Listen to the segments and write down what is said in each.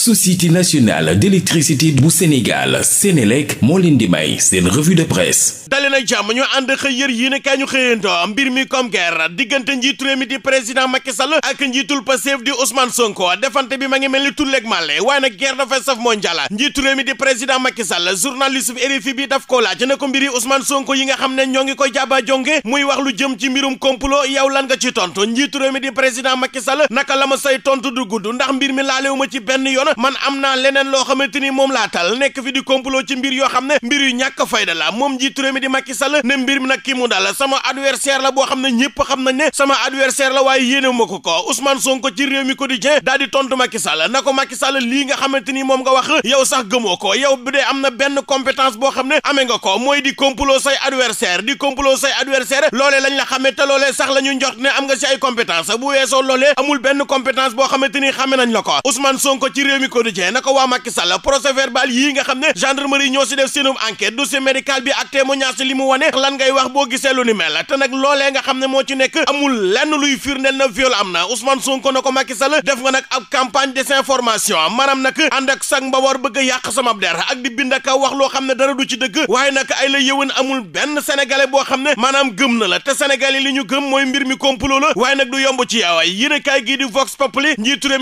société nationale d'électricité bu Sénégal Sénélec moo leen di may seen revue de presse dali na jàmm ñu ànd xëy yër yéen kaa ñu xëyanto mbir mi comme guerre diggante njiitu réew mi di président Macky Sall ak njiitul Pastef di Ousmane Sonko defante bi ma ngi mel ni tulleeg màlle waaye nag guerre dafay mondial njiitu mi di président Macky Sall journaliste bi RFI bi daf ko laaj na ko mbiri Ousmane Sonko yi nga xam ne ñoo ngi koy jàba jonge muy wax lu jëm ci mbirum complot yow lan nga ci tontu njiitu réew mi di président Macky Sall naka la ma sa tontu du gudd ndax mbir mi laalewu ma ci benn yoon man am naa leneen loo xamante ni moom laa tal nekk fi di complot ci mbir yoo xam ne mbir yu ñàkk fayda la moom njiitu réew mi di Macky Sall ne mbir mi nag kii mu daal sama adversaire la boo xam ne ñëpp xam na ne sama adversaire la waaye yéene ma ko ko Ousmane Sonko ci réew mi di daal di tontu Macky Sall na ko Macky lii nga xamante ni moom nga wax yow sax gëmoo ko yow bu dee am na benn compétence boo xam ne amee nga ko mooy di complot say adversaire di complot say adversaire loolee lañ la xamee te loolee sax la ñu njort ne am nga ci ay compétence bu weesoo loolee amul benn compétence boo xamante ni xame nañ la ko Ousmane Sonko Rewmi Quotidien na ko waa Macky Sall procès verbal yii nga xam ne gendarmerie ñoo si def seenum enquête dossier médical bi ak témoignage li mu wane lan ngay wax boo gisee ni mel te nag loolee nga xam ne moo ci nekk amul lenn luy firndeel na viol am na Ousmane Sonko na ko Macky Sall def nga nag ab campagne désinformation maanaam nag ànd ak sag mbawar bëgg a yàq sama der ak di bind ak wax loo xam ne dara du ci dëgg waaye nag ay la yëwan amul benn sénégalais boo xam ne maanaam gëm na la te sénégalais li ñu gëm mooy mbir mi complot la waaye nag du yomb ci yaawaay yéen a kaay gii di Vox Populi njiitu réew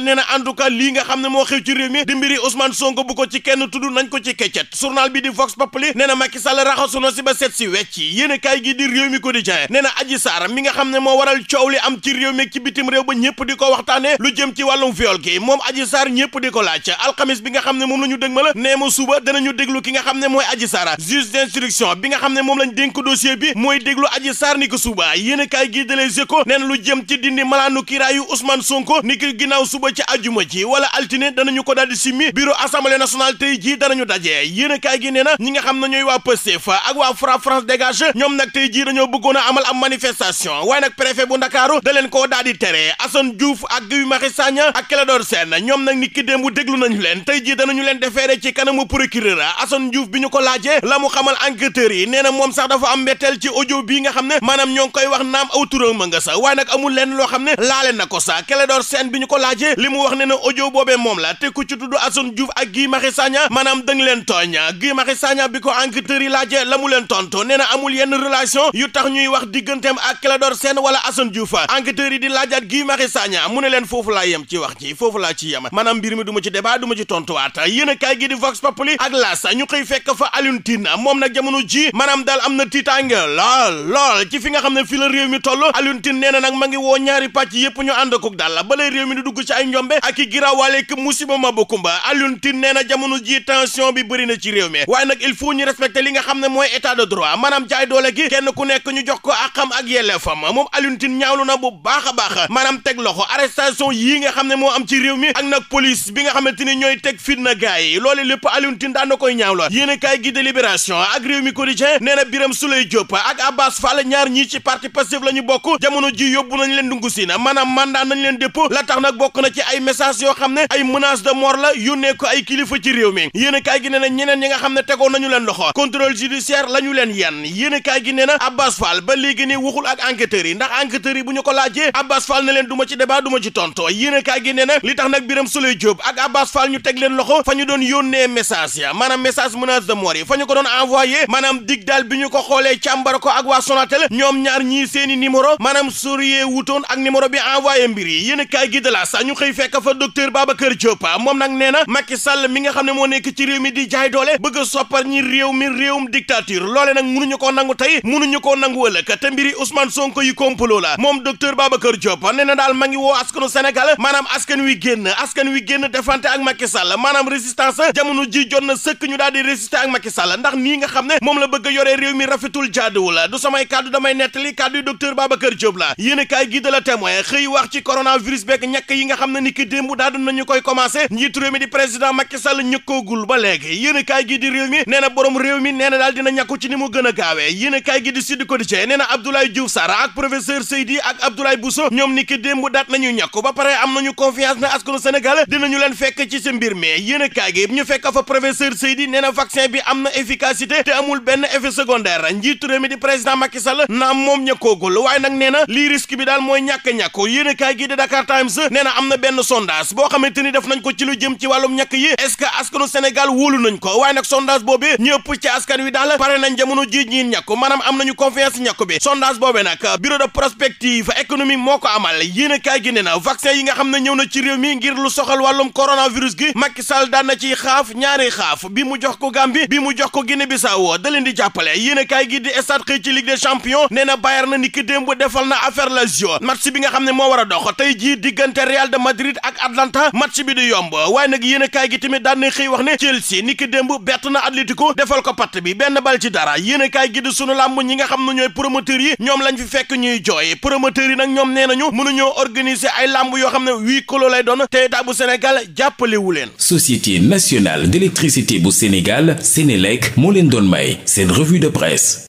nee na cas lii nga xam ne moo xew ci réew mi di mbiri Ousmane Sonko bu ko ci kenn tudd nañ ko ci keccet journal bi di Vox Populi nee na Macky Sall raxasu na si ba set si wecc yéen a kaay gi di réew mi ko di jaay nee na Adji Sarr mi nga xam ne moo waral coow li am ci réew mi ci bitim réew ba ñëpp di ko waxtaane lu jëm ci wàllum viol gi moom Adji Sarr ñëpp di ko laaj alxamis bi nga xam ne moom la ñu dëg ma la nee ma suba danañu déglu ki nga xam ne mooy Adji Sarr juge d'instruction bi nga xam ne moom lañ dénk dossier bi mooy déglu Adji Sarr ni ko suba yéen a kaay gi di Les Échos nee na lu jëm ci dindi malaanu kiraayu Ousmane Sonko ni ki ginnaaw suba ci ajuma ji wala altine danañu ko daldi simmi bureau assemblée nationale tey jii danañu dajee yéen a kaay gi nee na ñi nga xam ne ñooy waa Pastef ak Fra France dégage ñoom nag tey jii dañoo bëggoon a amal am manifestation waaye nag préfet bu Ndakaaru da leen koo daldi tere Assane Diouf ak Guy Marius Sagna ak Clédor Sène ñoom nag niki démb déglu nañu leen tey jii danañu leen defeere ci kanamu procureur Assane Diouf bi ñu ko laajee la mu xamal enquêteurs yi nee na loo xam ne laale na audio boobee moom la te ku ci tudd Assane Diouf ak Guy Marius Sagna maanaam dëng leen tooñ Guy Marius Sagna bi ko enquêteurs yi laajee a mu leen tontu nee na amul yenn relation yu tax ñuy wax digganteem ak Clédor Sène wala Assane Diouf enquêteurs yi di laajaat Guy Marius Sagna mu ne leen foofu laa yem ci wax ci foofu laa ci yem maanaam mbir mi ma ci débat du ma ci tontuwaat yéen a kaay gi di Vox Populi ak L'As ñu xëy fekk fa Alioune Tine moom nag jamono maanaam daal am na tiitaange lool lool ci fi nga xam ne fi la réew mi toll Alioune nee na nag ma ngi woo ñaari pàcc yëpp ñu ànd ko daal balay réew mi di dugg ci ay njombe giraawaleek musiba ma bu kumba Alioune Tine nee na jamono ji tension bi bëri ci réew mi waaye nag il faut ñu respecter li nga xam ne mooy état de droit maanaam jaay doole gi kenn ku nekk ñu jox ko ak xam ak yelleefam moom Alioune Tine ñaawlu na bu baax a baax maanaam teg loxo arrestation yii nga xam ne moo am ci réew mi ak nag police bi nga xamante ni ñooy teg fitna gars yi loolu lépp Alioune Tine daan na koy ñaawlo a kaay gi délibération ak réew mi quotidien nee na Birame Souleye Diop ak ci parti Pastef la ñu bokk jamono ji yóbbu leen dungu si na maanaam mandat leen dépôt la tax nag bokk na ci ay message menaces yoo xam ne ay menace de mort la yónnee ko ay kilifa ci réew mi yéen a kaay gi nee na ñeneen ñi nga xam ne tegoon nañu leen loxo contrôle judiciaire la leen yenn yéen a gi nee na Abbas Fall ba léegi ni waxul ak enquêteurs yi ndax enquêteurs yi bu ñu ko laajee Abbas Fall ne leen du ci débat du ci tonto yéen a gi nee na li tax nag Birame Souleye Diop ak Abbas Fall ñu teg leen loxo fa ñu doon yónnee message ya maanaam message menace de mort yi fa ñu ko doon envoyé maanaam dig daal bi ñu ko xoolee càmbar ko ak waa Sonatel ñoom ñaar ñii seeni docteur Babacar Diop moom nag nee na Macky Sall mi nga xam ne moo nekk ci réew mi di jaay doole bëgg a soppar ñi réew mi réewum dictature loole nag munuñu koo nangu tey munuñu koo nangu ëllëg te mbiri Ousmane Sonko yu complot la moom docteur Babacar Diop nee na daal ma ngi woo askanu Sénégal maanaam askan wi génn askan wi génn defante ak Macky Sall maanaam résistance jamono ji jot na sëkk ñu daal di ak Macky Sall ndax nii nga xam ne moom la bëgg a yoree réew mi rafetul jaaduwul du samay kàddu damay nettali kàddu yi docteur a kaay gi de la témoin xëy wax ci coronavirus xam ne ni démb daa doon nañu koy commencé njiitu mi di président Macky Sall ñëkkoogul ba léegi yéenekaay gi nee na borom réew mi nee na daal dina ñàkku ci ni mu gën a gaawee yéenekaay gi di Sud Quotidien nee na Abdoulaye Diouf Sarr ak professeur Seydi ak Abdoulaye Bousso ñoom ni ki démb daat nañu ñàkku ba pare am nañu confiance ne askanu Sénégal dinañu leen fekk ci si mbir mi yéenekaay gi fekk fa professeur Seydi nee na vaccin bi am na efficacité amul benn effet secondaire njiitu réew mi di président Macky Sall naam moom ñëkkoogul waaye nag nee na lii bi daal mooy ñàkk-ñàkku yéenekaay gi di Dakar Times nee na am na benn sondage sondage boo xamante ni def nañ ko ci lu jëm ci wàllum ñàkk yi est askanu Sénégal wóolu nañ ko waaye nag sondage boobu ñëpp ci askan wi daal pare nañ jamono ji ñi ñàkku maanaam am nañu confiance ci ñàkku bi sondage boobu nag bureau de prospective économique moo ko amal yéen a kaay gi ne na vaccin yi nga xam ne ñëw na ci réew mi ngir lu soxal wàllum coronavirus gi Macky Sall daan na ci xaaf ñaari xaaf bi mu jox ko Gambie bi mu jox ko Guinée Bissau da leen di jàppale yéen a kaay gi di stade xëy na Bayern na ni ki démb defal na affaire a Atlanta match bi di yomb waaye nag yéen kaay gi tamit daan na xëy wax ne Chelsea ni ki démb bett na Atlético defal ko patt bi benn bal ci dara yéen kaay gi di sunu làmb ñi nga xam ne ñooy promoteurs yi ñoom lañ fi fekk ñuy jooy promoteurs yi nag ñoom nee nañu mënuñoo organiser ay làmb yoo xam ne huis clos lay doon te état bu Sénégal jàppalewu leen. Société nationale d'électricité bu Sénégal Sénélec moo leen doon may seen revue de presse.